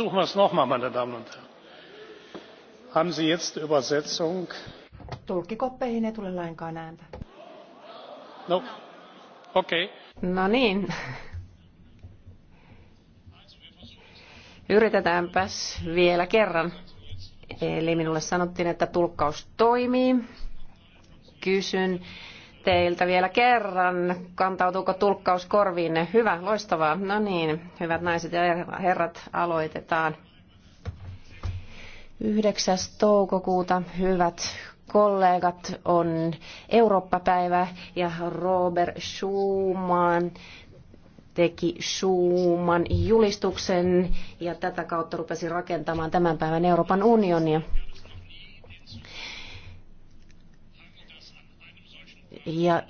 versuchen wir es noch einmal meine damen und herren. haben sie jetzt übersetzung? tulkkikoppeihin ei tule lainkaan ääntä. No. Okay. No niin. Yritetäänpäs vielä kerran. Eli minulle sanottiin, että tulkkaus toimii. Kysyn, teiltä vielä kerran. Kantautuuko tulkkaus korviinne? Hyvä, loistavaa. No niin, hyvät naiset ja herrat, aloitetaan. 9. toukokuuta, hyvät kollegat, on Eurooppa-päivä ja Robert Schumann teki Schumann julistuksen ja tätä kautta rupesi rakentamaan tämän päivän Euroopan unionia. Ja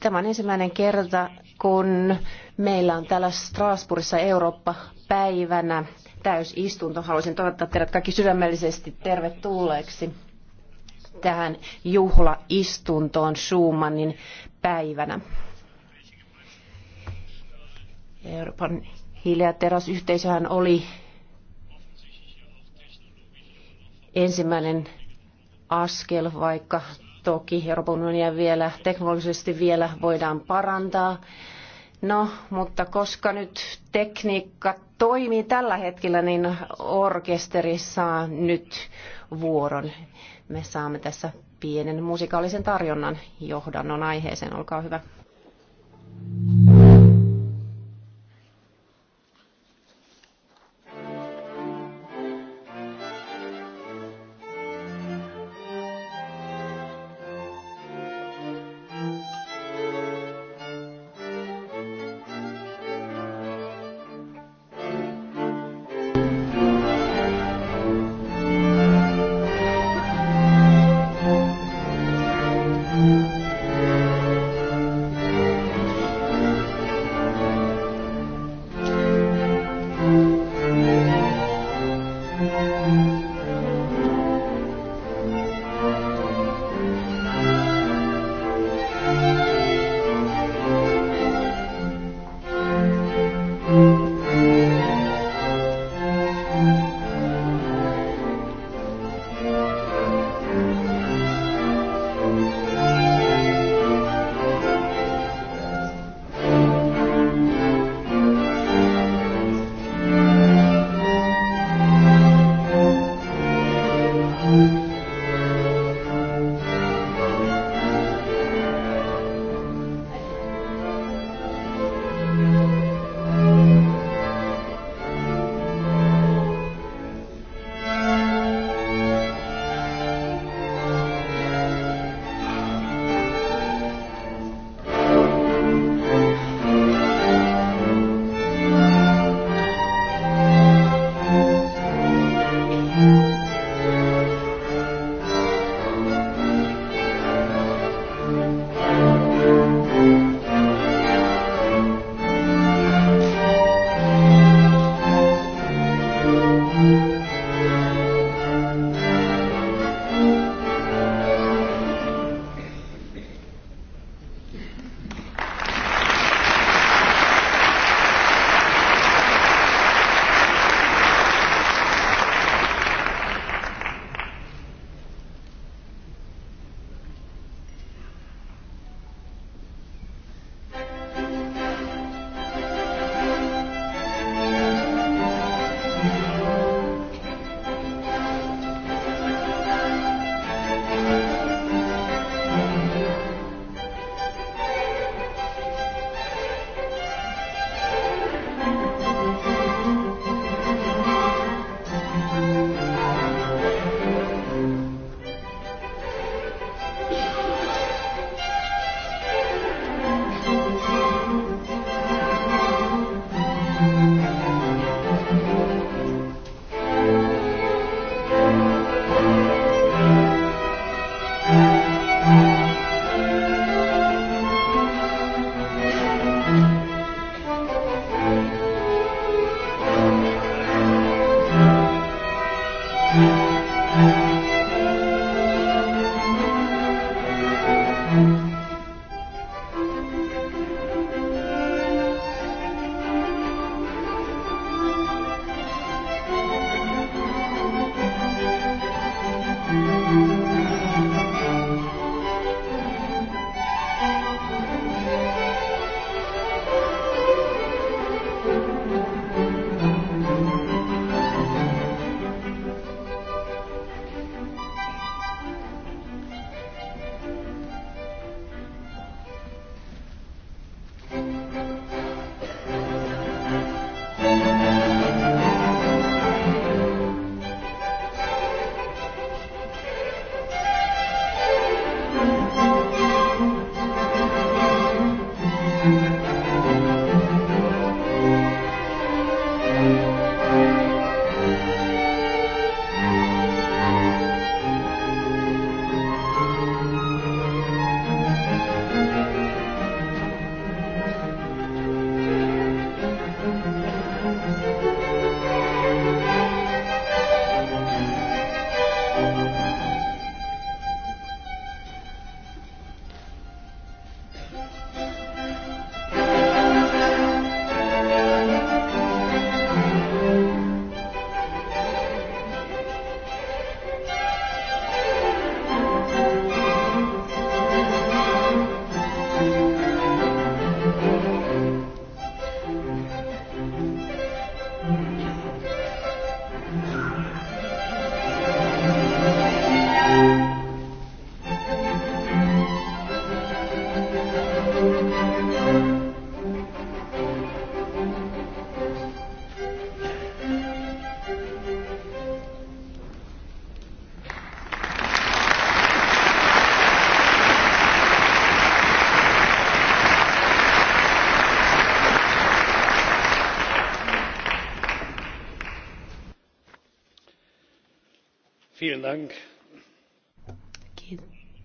tämä on ensimmäinen kerta, kun meillä on täällä Strasbourgissa Eurooppa-päivänä täysistunto. Haluaisin toivottaa teidät kaikki sydämellisesti tervetulleeksi tähän juhlaistuntoon Schumannin päivänä. Euroopan hiili- oli ensimmäinen askel, vaikka Toki Euroopan unionia vielä teknologisesti vielä voidaan parantaa. No, mutta koska nyt tekniikka toimii tällä hetkellä, niin orkesteri saa nyt vuoron. Me saamme tässä pienen musikaalisen tarjonnan johdannon aiheeseen. Olkaa hyvä. Thank you.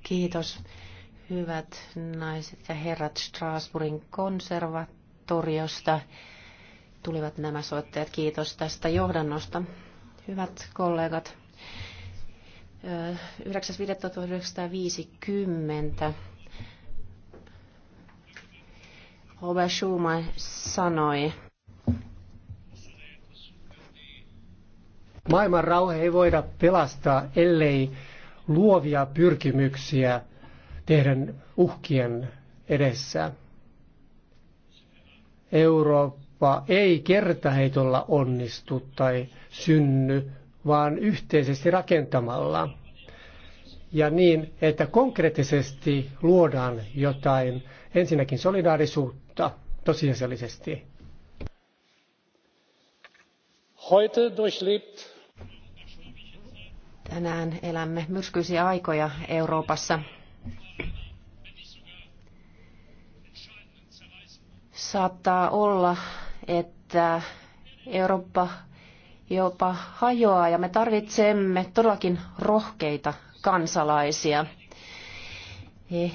Kiitos. Hyvät naiset ja herrat Strasbourgin konservatoriosta tulivat nämä soittajat. Kiitos tästä johdannosta. Hyvät kollegat, 9.5.1950 Robert Schumann sanoi, Maailman rauha ei voida pelastaa, ellei luovia pyrkimyksiä tehdä uhkien edessä. Eurooppa ei kertaheitolla onnistu tai synny, vaan yhteisesti rakentamalla. Ja niin, että konkreettisesti luodaan jotain, ensinnäkin solidaarisuutta tosiasiallisesti. Heute durchlebt Tänään elämme myrskyisiä aikoja Euroopassa. Saattaa olla, että Eurooppa jopa hajoaa ja me tarvitsemme todellakin rohkeita kansalaisia. Eh,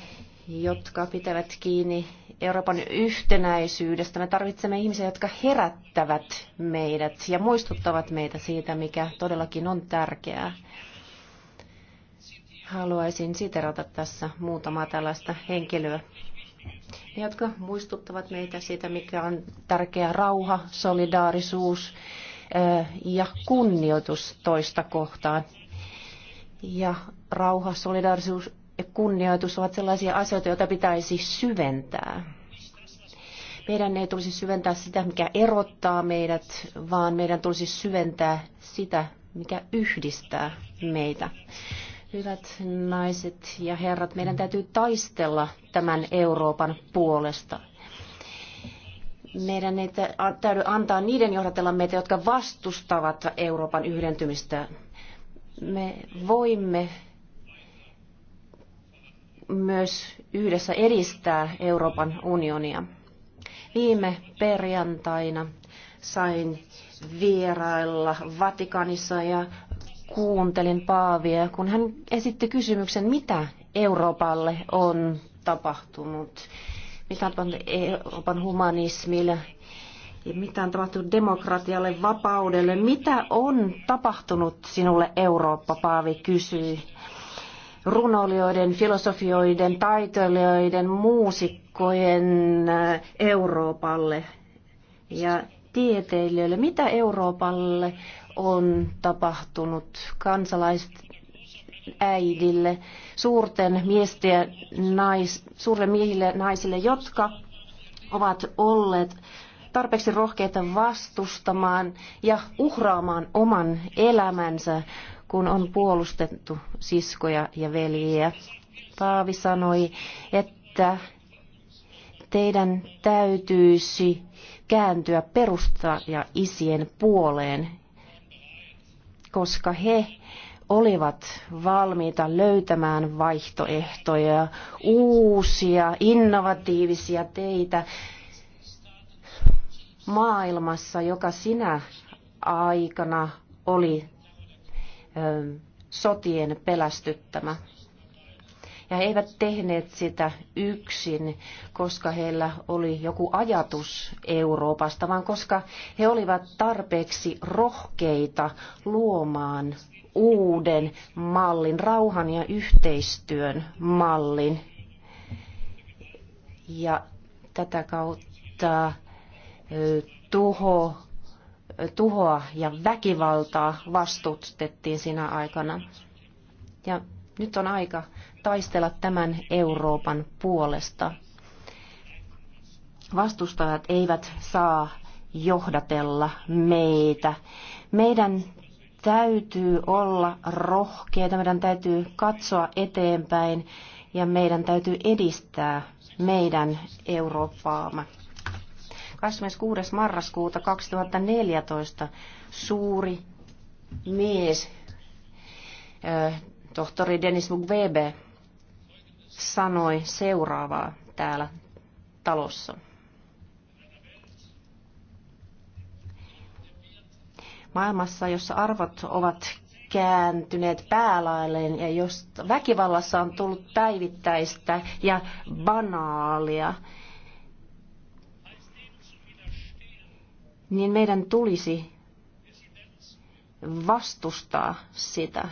jotka pitävät kiinni Euroopan yhtenäisyydestä. Me tarvitsemme ihmisiä, jotka herättävät meidät ja muistuttavat meitä siitä, mikä todellakin on tärkeää. Haluaisin siterata tässä muutamaa tällaista henkilöä, jotka muistuttavat meitä siitä, mikä on tärkeää rauha, solidaarisuus ja kunnioitus toista kohtaan. Ja rauha, solidaarisuus ja kunnioitus ovat sellaisia asioita, joita pitäisi syventää. Meidän ei tulisi syventää sitä, mikä erottaa meidät, vaan meidän tulisi syventää sitä, mikä yhdistää meitä. Hyvät naiset ja herrat, meidän täytyy taistella tämän Euroopan puolesta. Meidän ei täydy antaa niiden johdatella meitä, jotka vastustavat Euroopan yhdentymistä. Me voimme myös yhdessä edistää Euroopan unionia. Viime perjantaina sain vierailla Vatikanissa ja kuuntelin Paavia, kun hän esitti kysymyksen, mitä Euroopalle on tapahtunut, mitä on tapahtunut Euroopan humanismille, mitä on tapahtunut demokratialle, vapaudelle, mitä on tapahtunut sinulle Eurooppa, Paavi kysyi runoilijoiden, filosofioiden, taiteilijoiden, muusikkojen äh, Euroopalle ja tieteilijöille. Mitä Euroopalle on tapahtunut äidille, suurten, ja nais, suurille miehille naisille, jotka ovat olleet tarpeeksi rohkeita vastustamaan ja uhraamaan oman elämänsä, kun on puolustettu siskoja ja veljiä. Paavi sanoi, että teidän täytyisi kääntyä perusta ja isien puoleen, koska he olivat valmiita löytämään vaihtoehtoja, uusia, innovatiivisia teitä, maailmassa, joka sinä aikana oli sotien pelästyttämä. Ja he eivät tehneet sitä yksin, koska heillä oli joku ajatus Euroopasta, vaan koska he olivat tarpeeksi rohkeita luomaan uuden mallin, rauhan ja yhteistyön mallin. Ja tätä kautta tuho, tuhoa ja väkivaltaa vastustettiin sinä aikana. Ja nyt on aika taistella tämän Euroopan puolesta. Vastustajat eivät saa johdatella meitä. Meidän täytyy olla rohkeita, meidän täytyy katsoa eteenpäin ja meidän täytyy edistää meidän Eurooppaamme. 26. marraskuuta 2014 suuri mies, tohtori Dennis Mukwebe, sanoi seuraavaa täällä talossa. Maailmassa, jossa arvot ovat kääntyneet päälailleen ja jos väkivallassa on tullut päivittäistä ja banaalia, niin meidän tulisi vastustaa sitä.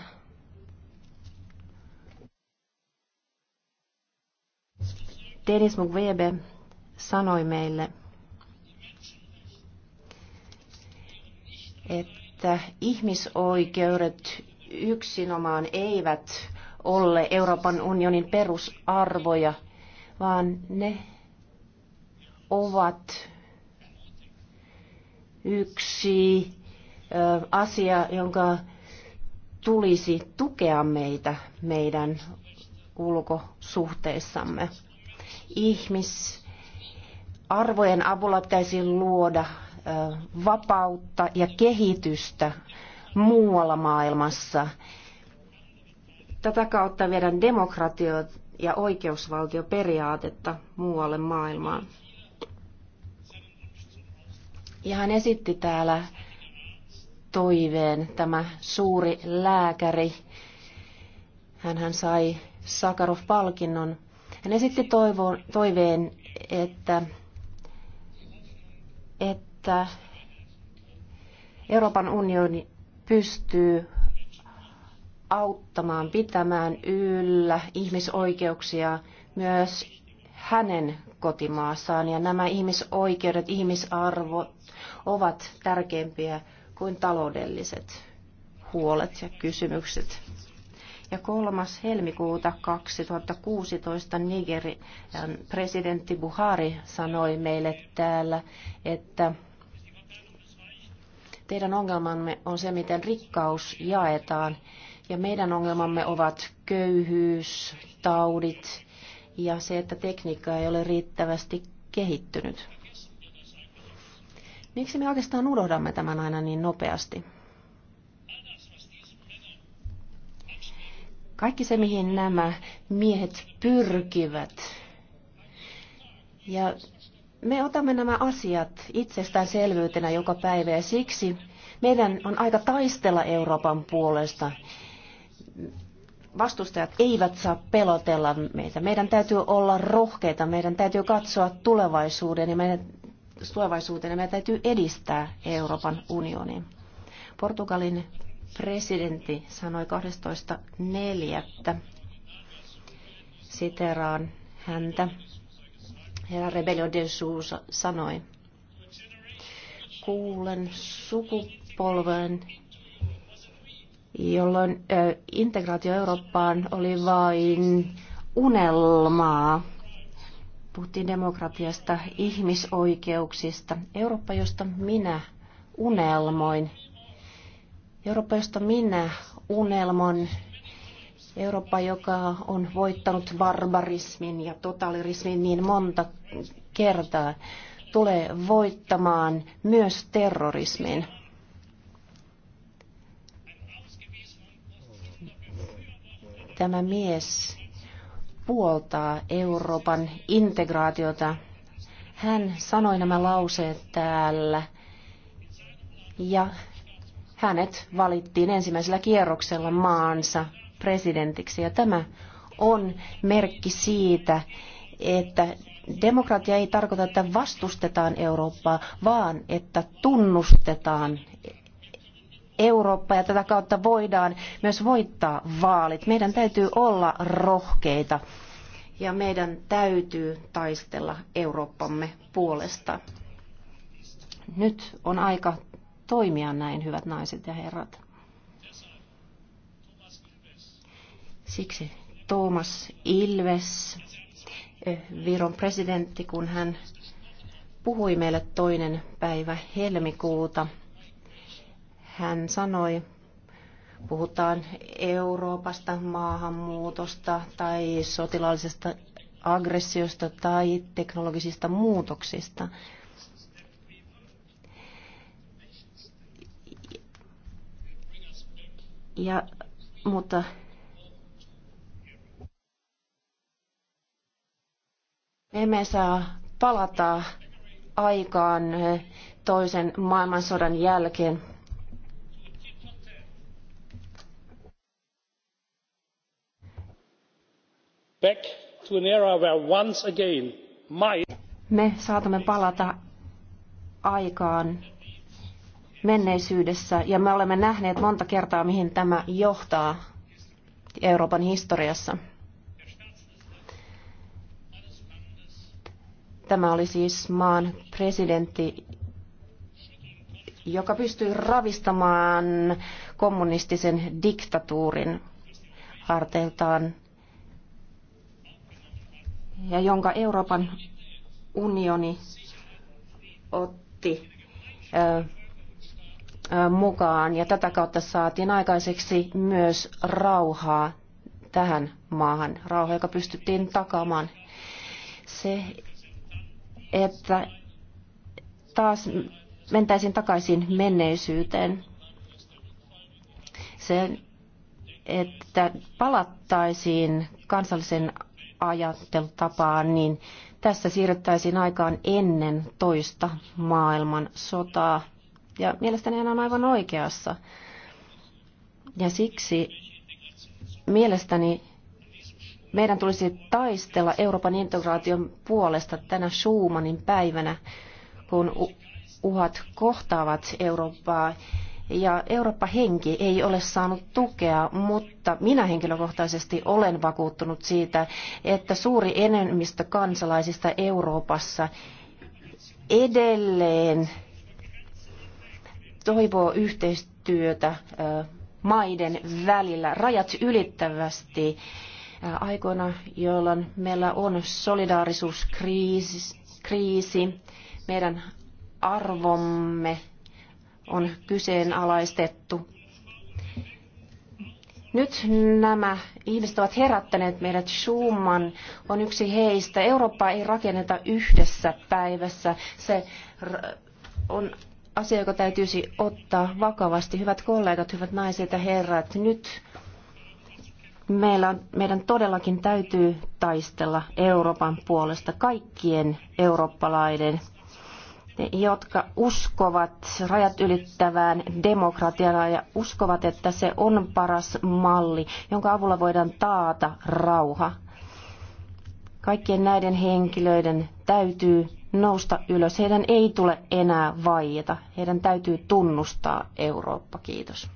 Dennis Mukwebe sanoi meille, että ihmisoikeudet yksinomaan eivät ole Euroopan unionin perusarvoja, vaan ne ovat yksi asia, jonka tulisi tukea meitä meidän ulkosuhteissamme. Ihmisarvojen avulla pitäisi luoda vapautta ja kehitystä muualla maailmassa. Tätä kautta viedään demokratioita ja oikeusvaltioperiaatetta muualle maailmaan. Ja hän esitti täällä toiveen, tämä suuri lääkäri. Hän sai Sakarov-palkinnon. Hän esitti toivo, toiveen, että, että Euroopan unioni pystyy auttamaan pitämään yllä ihmisoikeuksia myös hänen kotimaassaan. Ja nämä ihmisoikeudet, ihmisarvot ovat tärkeimpiä kuin taloudelliset huolet ja kysymykset. Ja 3. helmikuuta 2016 Nigerian presidentti Buhari sanoi meille täällä, että teidän ongelmanne on se, miten rikkaus jaetaan, ja meidän ongelmamme ovat köyhyys, taudit, ja se, että tekniikka ei ole riittävästi kehittynyt. Miksi me oikeastaan unohdamme tämän aina niin nopeasti? Kaikki se, mihin nämä miehet pyrkivät. Ja me otamme nämä asiat itsestäänselvyytenä joka päivä ja siksi meidän on aika taistella Euroopan puolesta vastustajat eivät saa pelotella meitä. Meidän täytyy olla rohkeita, meidän täytyy katsoa tulevaisuuden ja meidän, tulevaisuuteen ja meidän täytyy edistää Euroopan unionia. Portugalin presidentti sanoi 12.4. Siteraan häntä. Herra Rebellion de Sousa sanoi, kuulen sukupolven jolloin integraatio Eurooppaan oli vain unelmaa. Puhuttiin demokratiasta, ihmisoikeuksista. Eurooppa, josta minä unelmoin. Eurooppa, josta minä unelmon. Eurooppa, joka on voittanut barbarismin ja totalismin niin monta kertaa, tulee voittamaan myös terrorismin. Tämä mies puoltaa Euroopan integraatiota. Hän sanoi nämä lauseet täällä ja hänet valittiin ensimmäisellä kierroksella maansa presidentiksi. Ja tämä on merkki siitä, että demokratia ei tarkoita, että vastustetaan Eurooppaa, vaan että tunnustetaan Eurooppa ja tätä kautta voidaan myös voittaa vaalit. Meidän täytyy olla rohkeita ja meidän täytyy taistella Eurooppamme puolesta. Nyt on aika toimia näin, hyvät naiset ja herrat. Siksi Thomas Ilves, eh, Viron presidentti, kun hän puhui meille toinen päivä helmikuuta – hän sanoi, puhutaan Euroopasta, maahanmuutosta tai sotilaallisesta aggressiosta tai teknologisista muutoksista. Ja, mutta me emme saa palata aikaan toisen maailmansodan jälkeen. Me saatamme palata aikaan menneisyydessä ja me olemme nähneet monta kertaa, mihin tämä johtaa Euroopan historiassa. Tämä oli siis maan presidentti, joka pystyi ravistamaan kommunistisen diktatuurin harteiltaan ja jonka Euroopan unioni otti mukaan ja tätä kautta saatiin aikaiseksi myös rauhaa tähän maahan, rauha, joka pystyttiin takaamaan. Se, että taas mentäisiin takaisin menneisyyteen. Se, että palattaisiin kansallisen ajattelutapaan, niin tässä siirryttäisiin aikaan ennen toista maailman sotaa. Ja mielestäni hän on aivan oikeassa. Ja siksi mielestäni meidän tulisi taistella Euroopan integraation puolesta tänä Schumannin päivänä, kun uhat kohtaavat Eurooppaa ja Eurooppa-henki ei ole saanut tukea, mutta minä henkilökohtaisesti olen vakuuttunut siitä, että suuri enemmistö kansalaisista Euroopassa edelleen toivoo yhteistyötä maiden välillä rajat ylittävästi aikoina, jolloin meillä on solidaarisuuskriisi, meidän arvomme on kyseenalaistettu. Nyt nämä ihmiset ovat herättäneet meidät. Schumann on yksi heistä. Eurooppaa ei rakenneta yhdessä päivässä. Se on asia, joka täytyisi ottaa vakavasti. Hyvät kollegat, hyvät naiset ja herrat, nyt meillä, meidän todellakin täytyy taistella Euroopan puolesta kaikkien eurooppalaiden jotka uskovat rajat ylittävään demokratiaan ja uskovat, että se on paras malli, jonka avulla voidaan taata rauha. Kaikkien näiden henkilöiden täytyy nousta ylös. Heidän ei tule enää vaieta. Heidän täytyy tunnustaa Eurooppa. Kiitos.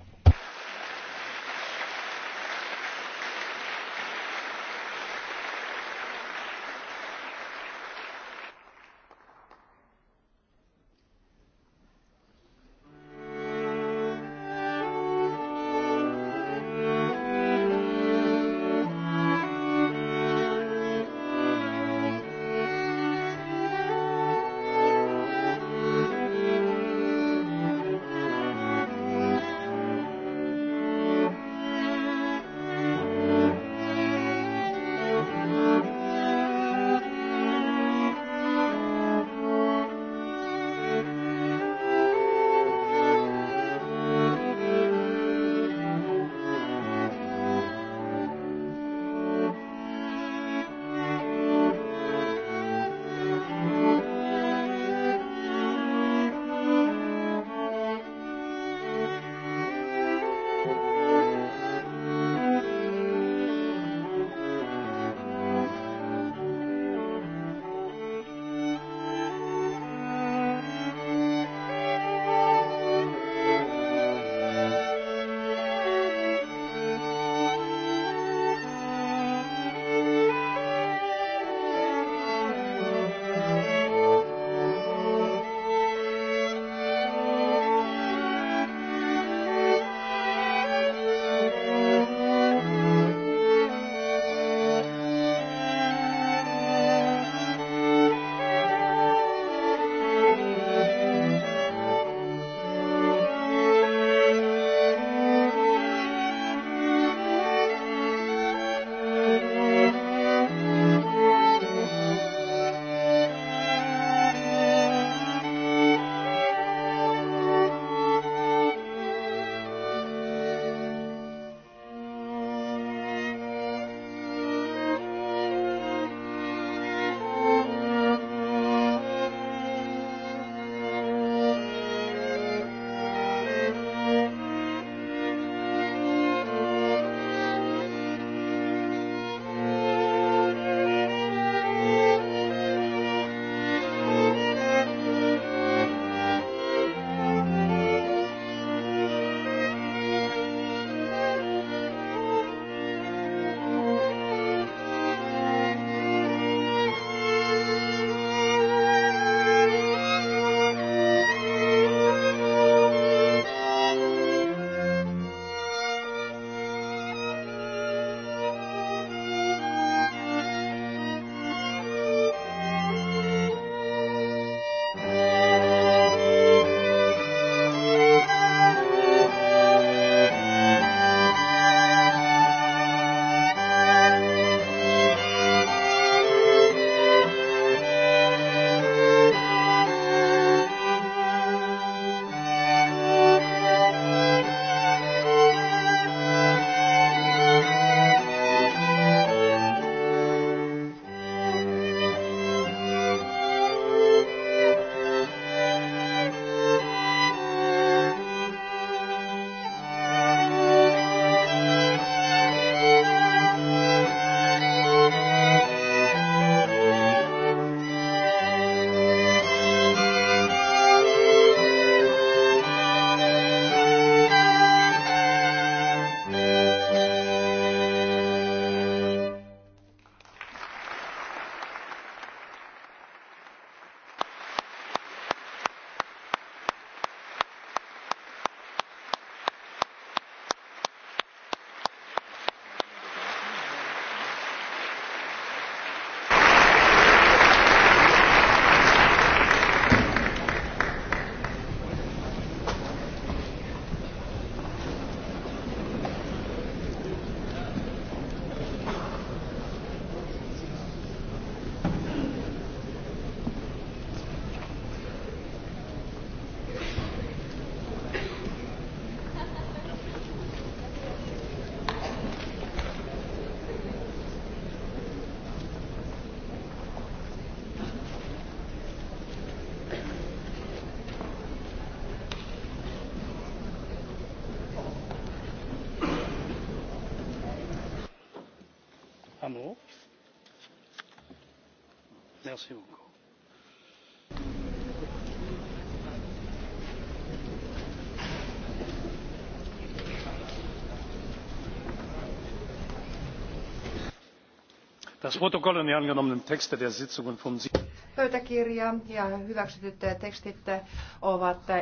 Merci beaucoup. Das Protokoll und die angenommenen Texte der Sitzungen vom Pöytäkirja ja hyväksytyt tekstit ovat